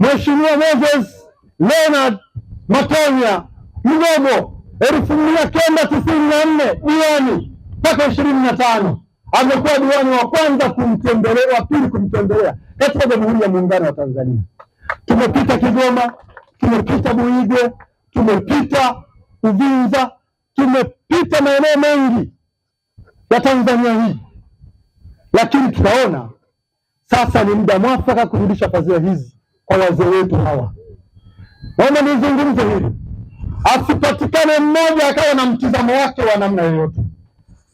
Mheshimiwa Moses Leonard Matonya Lugogo elfu mia kenda tisini na nne diwani mpaka ishirini na tano amekuwa diwani wa kwanza kumtembelea, wa pili kumtembelea katika Jamhuri ya Muungano wa Tanzania. Tumepita Kigoma, tumepita buige tumepita Uvinza, tumepita maeneo mengi ya Tanzania hii, lakini tunaona sasa ni muda mwafaka kurudisha pazia hizi kwa wazee wetu hawa. Naomba nizungumze hili, asipatikane mmoja akawa na mtizamo wake wa namna yoyote.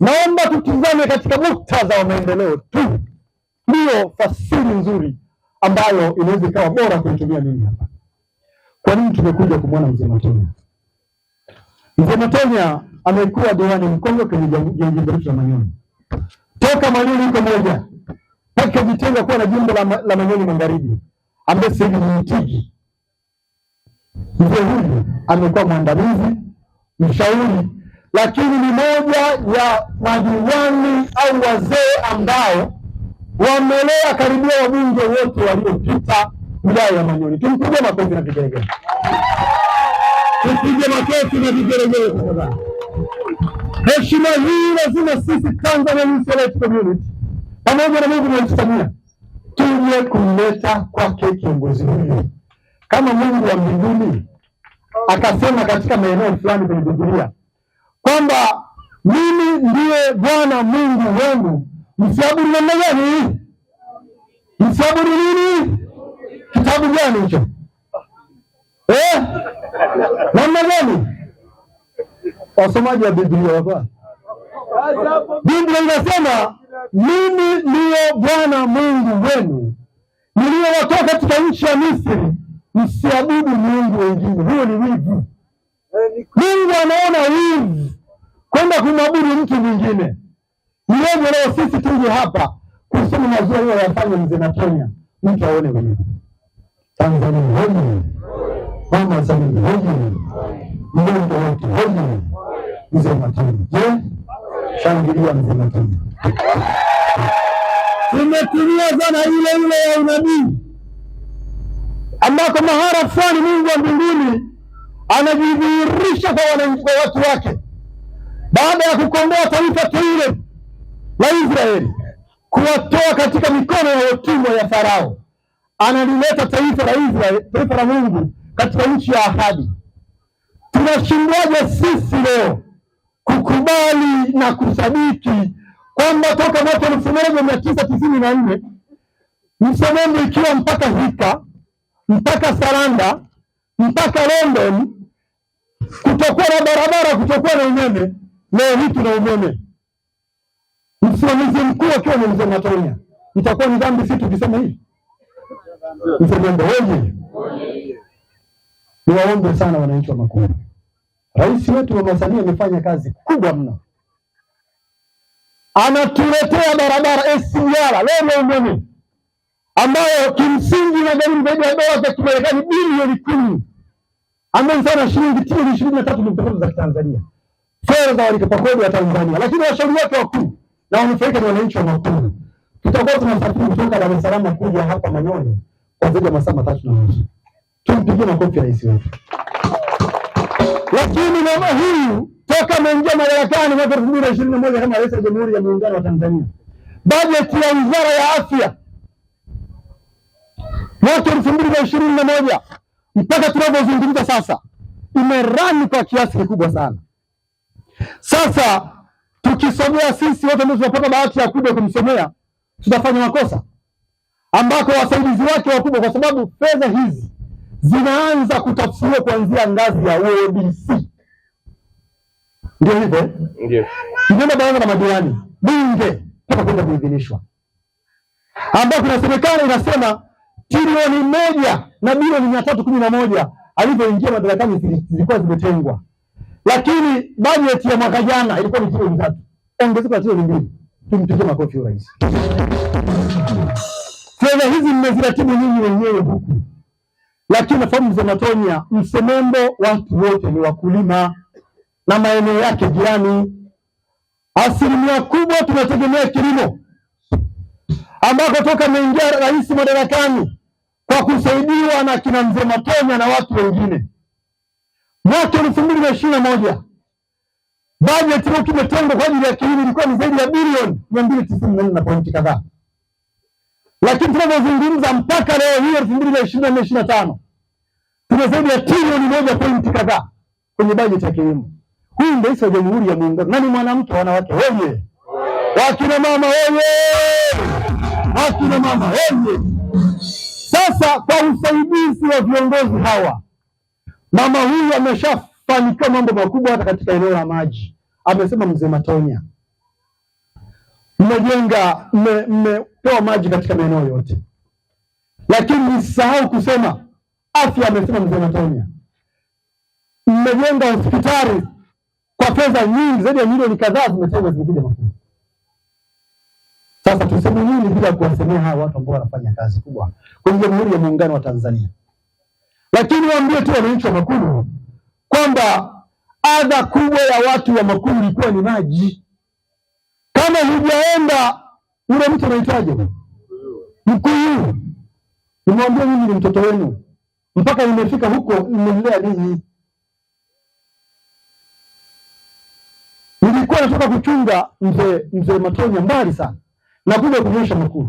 Naomba tutizame katika muktadha wa maendeleo tu, ndiyo fasiri nzuri ambayo inaweza ikawa bora kuitumia mimi hapa. Kwa nini tumekuja kumwona mzee Matonya? Mzee Matonya amekuwa diwani mkongwe kwenye jimbo letu la Manyoni toka Manyoni iko moja mpaka kuwa na jimbo la, la Manyoni Magharibi ambaye sasa hivi ni mtiji. Mzee huyu amekuwa mwandamizi, mshauri, lakini ni moja ya madiwani au wazee ambao wamelea karibia wabunge wote waliopita wilaya ya Manyoni. Tumpige makofi na vigelegele, tupige makofi na vigelegele Heshima hii lazima sisi Tanzania Community pamoja na Mungu na ndiye kumleta kwake kiongozi huyu. Kama Mungu wa mbinguni akasema katika maeneo fulani kwenye Biblia kwamba mimi ndiye Bwana Mungu wenu, msiabudu namna gani? Msiabudu nini? Kitabu gani hicho eh? namna gani? Wasomaji wa Biblia hapa Biblia inasema mimi ndiyo Bwana Mungu wenu niliyowatoa katika nchi ya Misri, msiabudu miungu wengine. Huyo ni wivu. Mungu anaona wivu kwenda kumwabudu mtu mwingine. Niwevo leo sisi tuje hapa kusoma mazua yafanye mzee na Kenya, mtu aone wivu. Tanzania hoji, mama Samia hoji, mgonjwa wote hoji, mzee na Kenya je Shangilia mzima timu. Tumetumia zana ile ile ya unabii ambako mahara fulani Mungu wa mbinguni anajidhihirisha kwa wananchi kwa watu wake, baada ya kukomboa taifa teule la Israeli, kuwatoa katika mikono ya utumwa ya Farao, analileta taifa la Israeli, taifa la Mungu katika nchi ya ahadi. Tunashindwaje sisi leo kukubali na kusadiki kwamba toka mwaka elfu moja mia tisa tisini na nne Msogendo ikiwa mpaka Thika mpaka Saranda mpaka London kutokuwa na barabara, kutokuwa na umeme. Leo hii tuna umeme. Msimamizi mkuu akiwa ni mzee Matonya, itakuwa ni dhambi si tukisema hii Msogendo? Wewe niwaombe sana wananchi wa Makumbi Rais wetu Mama Samia amefanya kazi kubwa mno, anatuletea barabara SGR leo umeme ambayo kimsingi inagharimu zaidi ya dola za Kimarekani bilioni kumi ambayo sawa na shilingi trilioni ishirini na tatu nukta tatu za Kitanzania, fedha za walipa kodi wa Tanzania. Lakini washauri wake wakuu na wanufaika ni wananchi wa Makulu. Tutakuwa tunasafiri kutoka Dar es Salaam kuja hapa Manyoni kwa zaidi ya masaa matatu na nusu. Tumpigie makofi rais wetu. Lakini mama huyu toka ameingia madarakani mwaka elfu mbili na ishirini na moja kama rais wa Jamhuri ya Muungano wa Tanzania, bajeti ya wizara ya afya mwaka elfu mbili na ishirini na moja mpaka tunavyozungumza sasa imerani kwa kiasi kikubwa sana. Sasa tukisomea sisi wote ambao tunapata bahati ya kubwa kumsomea tutafanya makosa ambako wasaidizi wake wakubwa, kwa sababu fedha hizi zinaanza kutafsiriwa kuanzia ngazi ya WDC. Ndio hivyo ndio baraza la madiwani, bunge mpaka kwenda kuidhinishwa, ambayo kuna serikali inasema trilioni moja na bilioni mia tatu kumi na moja alivyoingia madarakani zilikuwa zimetengwa, lakini bajeti ya mwaka jana ilikuwa ni trilioni tatu ongezeko la trilioni mbili. Tumpigie makofi rais. Fedha hizi mmeziratibu nyinyi wenyewe huku lakini fomu za Matonya Msemembo, watu wote ni wakulima na maeneo yake jirani. Asilimia kubwa tunategemea kilimo, ambako toka ameingia rais madarakani kwa kusaidiwa na kina mzee Matonya na watu wengine, mwaka elfu mbili na ishirini na moja bajeti iliyokuwa kimetengwa kwa ajili ya kilimo ilikuwa ni zaidi ya bilioni mia mbili tisini na nne na pointi kadhaa lakini tunavyozungumza mpaka leo hii elfu mbili na ishirini na nne ishirini na tano tuna zaidi ya trilioni moja pointi kadhaa kwenye bajeti ya kilimo. Huyu ni rais wa Jamhuri ya Muungano na ni mwanamke. Wanawake wenye wakina mama wenye wakina mama wenye. Sasa kwa usaidizi wa viongozi hawa, mama huyu ameshafanikiwa mambo makubwa, hata katika eneo la maji. Amesema mzee Matonya, mmejenga mme toa maji katika maeneo yote, lakini nisahau kusema afya. Amesema mzee Anatonia, mmejenga hospitali kwa fedha nyingi zaidi ya milioni kadhaa zimetengwa, zimekuja mafuta. Sasa tuseme nini bila kuwasemea hawa watu ambao wanafanya kazi kubwa kwenye Jamhuri ya Muungano wa Tanzania? Lakini waambie tu wananchi wa Makulu kwamba adha kubwa ya watu wa Makulu ilikuwa ni maji. Kama hujaenda Ule mtu anaitwaje? Mkuu. Nimwambia mimi ni mtoto wenu, mpaka nimefika huko, nimemlea ninyi. Nilikuwa natoka kuchunga mzee mzee Matonya mbali sana, na kuja kunyesha makuu,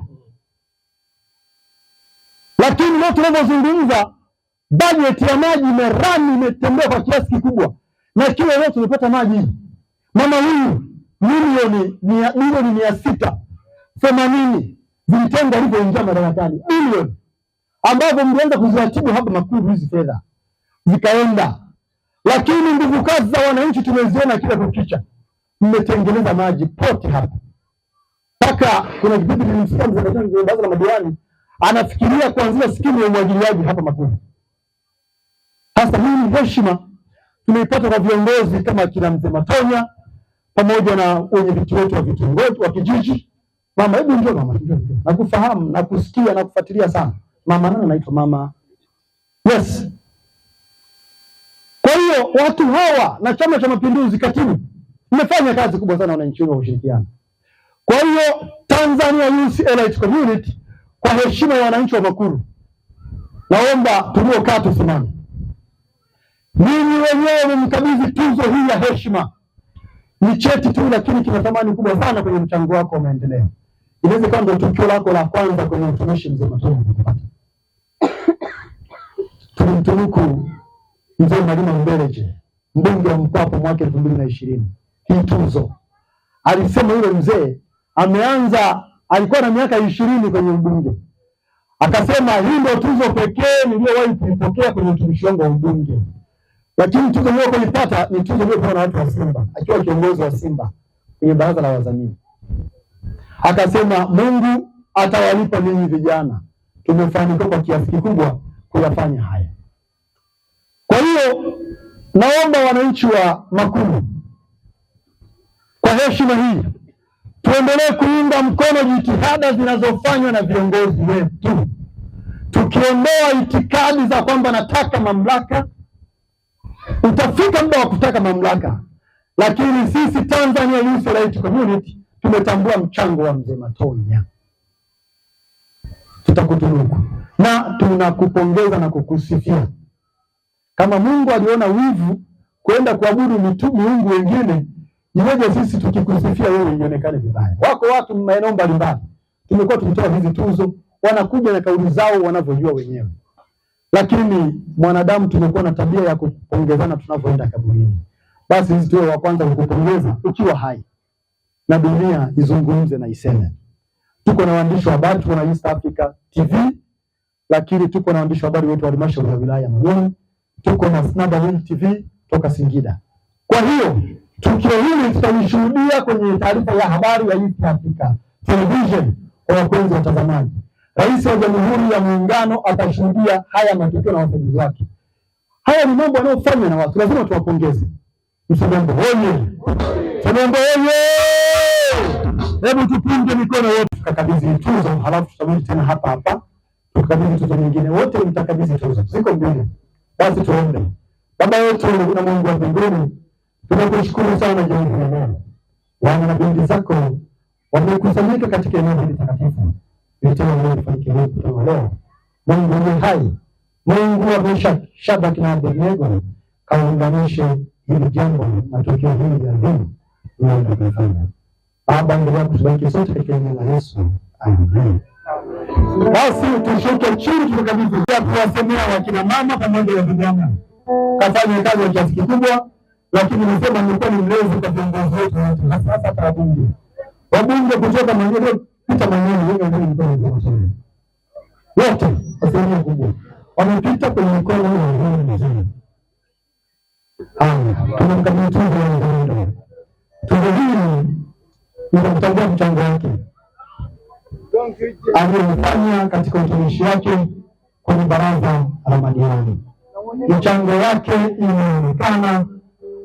lakini leo tunavyozungumza bajeti ya maji merani imetembea kwa kiasi kikubwa, na kila leo tumepata maji mama huyu milioni milioni mia sita themanini vilitenga alivyoingia madarakani bilioni ambavyo mlianza kuziratibu hapa Makuru hizi fedha zikaenda, lakini nguvu kazi za wananchi tumeziona kila kukicha. Mmetengeneza maji pote hapa mpaka kuna kipindi nilimsikia mzee wa madiwani anafikiria kuanzia skimu ya umwagiliaji hapa Makuru. Sasa hii heshima tumeipata kwa viongozi kama kina mzee Matonya pamoja na wenyeviti wetu wa vitongoji wa kijiji Mama, hebu njoo mama, njoo Nakufahamu, nakusikia, nakufuatilia sana. Mama nani anaitwa mama? Yes. Kwa hiyo watu hawa na Chama cha Mapinduzi, katibu, mmefanya kazi kubwa sana wananchi wa ushirikiano. Kwa hiyo Tanzania Youth Elite Community, kwa heshima ya wananchi wa Makuru, naomba tuliokaa tusimame. Ninyi wenyewe mmkabidhi tuzo hii ya heshima. Ni cheti tu, lakini kina thamani kubwa sana kwenye mchango wako wa maendeleo inaweza kuwa ndio tukio lako la kwanza kwenye utumishi. Mzee Matunu tulimtunuku Mzee Malima Mbeleje mbunge wa Mpwapo mwaka elfu mbili na ishirini hii tuzo. Alisema yule mzee ameanza, alikuwa na miaka ishirini kwenye ubunge, akasema hii ndio tuzo pekee niliyowahi kuipokea kwenye utumishi wangu wa ubunge, lakini tuzo niliyokuipata ni tuzo iliyopewa na watu wa Simba, akiwa kiongozi wa Simba kwenye baraza la wazamini. Akasema Mungu atawalipa ninyi vijana. Tumefanikiwa kwa kiasi kikubwa kuyafanya haya. Kwa hiyo naomba wananchi wa Makumu, kwa heshima hii tuendelee kuunga mkono jitihada zinazofanywa na viongozi wetu, tukiondoa itikadi za kwamba nataka mamlaka. Utafika muda wa kutaka mamlaka, lakini sisi Tanzania Youth Community tumetambua mchango wa mzee Matonya, tutakutunuku na tunakupongeza na kukusifia. Kama Mungu aliona wivu kwenda kuabudu miungu wengine, iweje sisi tukikusifia wewe ionekane vibaya? Wako watu maeneo mbalimbali tumekuwa tukitoa hizi tuzo, wanakuja na kauli zao wanavyojua wenyewe, lakini mwanadamu tumekuwa na tabia ya kupongezana tunavyoenda kaburini. Basi sisi tuwe wa kwanza kukupongeza ukiwa hai na dunia izungumze na iseme. Tuko na waandishi wa habari, tuko na East Africa TV, lakini tuko na waandishi wa habari wetu wa halmashauri ya wilaya ya Manyoni, tuko na Snada Snadareal TV toka Singida. Kwa hiyo tukio hili tutalishuhudia kwenye taarifa ya habari ya East Africa Television. Kwa wapenzi watazamaji, Rais wa Jamhuri ya Muungano atashuhudia haya matukio na wasaidizi wake. Haya ni mambo yanayofanywa na watu, lazima tuwapongeze. Msogombo oye! Sogombo oye! Hebu tupunge mikono yote, tukakabidhi tuzo, halafu tutarudi tena hapa hapa tukakabidhi tuzo nyingine. Wote mtakabidhi tuzo, ziko mbili. Basi tuombe. Baba yetu na Mungu wa mbinguni, tunakushukuru sana jioni ya leo, wana na binti zako wamekusanyika katika eneo hili takatifu leo. Mungu ni hai, Mungu wa Meshaki, Shadraka na Abednego, kaunganishe hili jambo na tukio hili adhimu unaenda kuifanya Baba, endelea kutubariki sote katika jina la Yesu, amen. Basi tushuke chini, tukabidhi kuwasemea wakina mama pamoja na vijana. Kafanya kazi ya kiasi kikubwa, lakini nimesema nilikuwa ni mlezi kwa viongozi wetu wote, hasa hasa kwa wabunge, wabunge kutoka Manyoni pita Manyoni wote, asilimia kubwa wamepita kwenye mikono ya Roho mzuri. Haya, tunamkabidhi tunzo ya Mungu. Tunzo hili nitamtambua mchango wake aliyofanya katika utumishi wake kwenye baraza la madiwani. Mchango wake inaonekana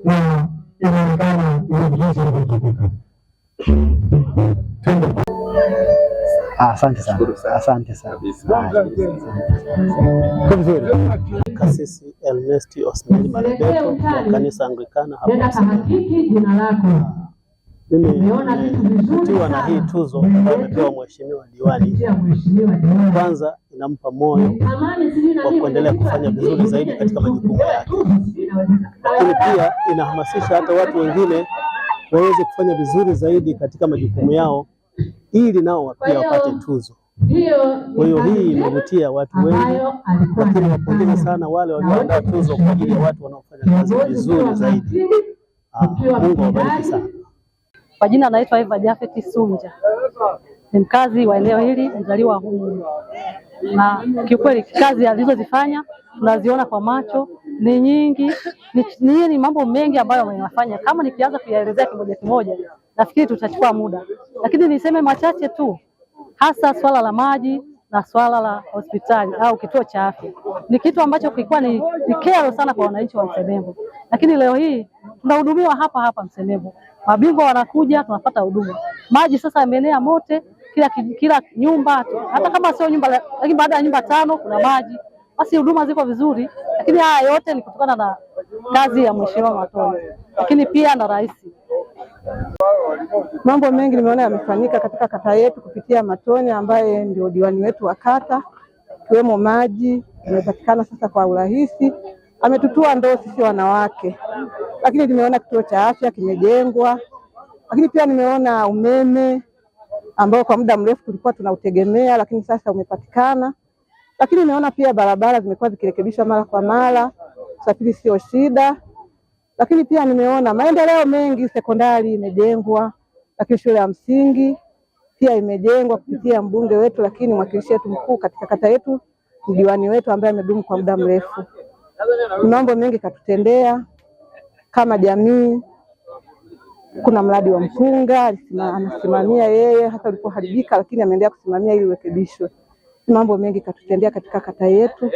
na inaonekana jinsi ilivyohitajika. Asante sana, asante sana. Kasisi Ernest wa kanisa Anglikana hapa. Jina lako Nimeona vitu vizuri na hii tuzo ambayo amepewa mheshimiwa diwani, kwanza inampa moyo wa kuendelea kufanya vizuri zaidi katika majukumu yake, lakini pia inahamasisha hata watu wengine waweze kufanya vizuri zaidi katika majukumu yao ili nao pia wapate tuzo. Kwa hiyo hii imevutia watu wengi, lakini wapongeze sana wale walioandaa tuzo kwa ajili ya watu wanaofanya kazi vizuri zaidi. Ah, Mungu awabariki sana. Kwa jina anaitwa Eva Jafet Sunja, ni mkazi wa eneo hili, mzaliwa humu, na kiukweli kazi alizozifanya tunaziona kwa macho ni nyingi ni, ni, ni mambo mengi ambayo amefanya. Kama nikianza kuyaelezea kimoja kimoja nafikiri tutachukua muda, lakini niseme machache tu, hasa swala la maji na swala la hospitali au kituo cha afya ni kitu ambacho kilikuwa ni, ni kero sana kwa wananchi wa Msemembo, lakini leo hii tunahudumiwa hapa hapa Msemembo. Mabingwa wanakuja tunapata huduma. Maji sasa yameenea mote kila, kila nyumba hata kama sio nyumba lakini baada ya nyumba tano kuna maji. Basi huduma ziko vizuri, lakini haya yote ni kutokana na kazi ya Mheshimiwa matoni lakini pia na rais. Mambo mengi nimeona yamefanyika katika kata yetu kupitia matoni ambaye ndio diwani wetu wa kata, ikiwemo maji yamepatikana sasa kwa urahisi ametutua ndoo sisi wanawake, lakini nimeona kituo cha afya kimejengwa, lakini pia nimeona umeme ambao kwa muda mrefu tulikuwa tunautegemea, lakini sasa umepatikana. Lakini nimeona pia barabara zimekuwa zikirekebishwa mara kwa mara, usafiri sio shida. Lakini pia nimeona maendeleo mengi, sekondari imejengwa, lakini shule ya msingi pia imejengwa kupitia mbunge wetu, lakini mwakilishi wetu mkuu katika kata yetu, mdiwani wetu ambaye amedumu kwa muda mrefu mambo mengi katutendea kama jamii. Kuna mradi wa mpunga anasimamia yeye, hata ulipoharibika, lakini ameendelea kusimamia ili urekebishwe. Mambo mengi katutendea katika kata yetu,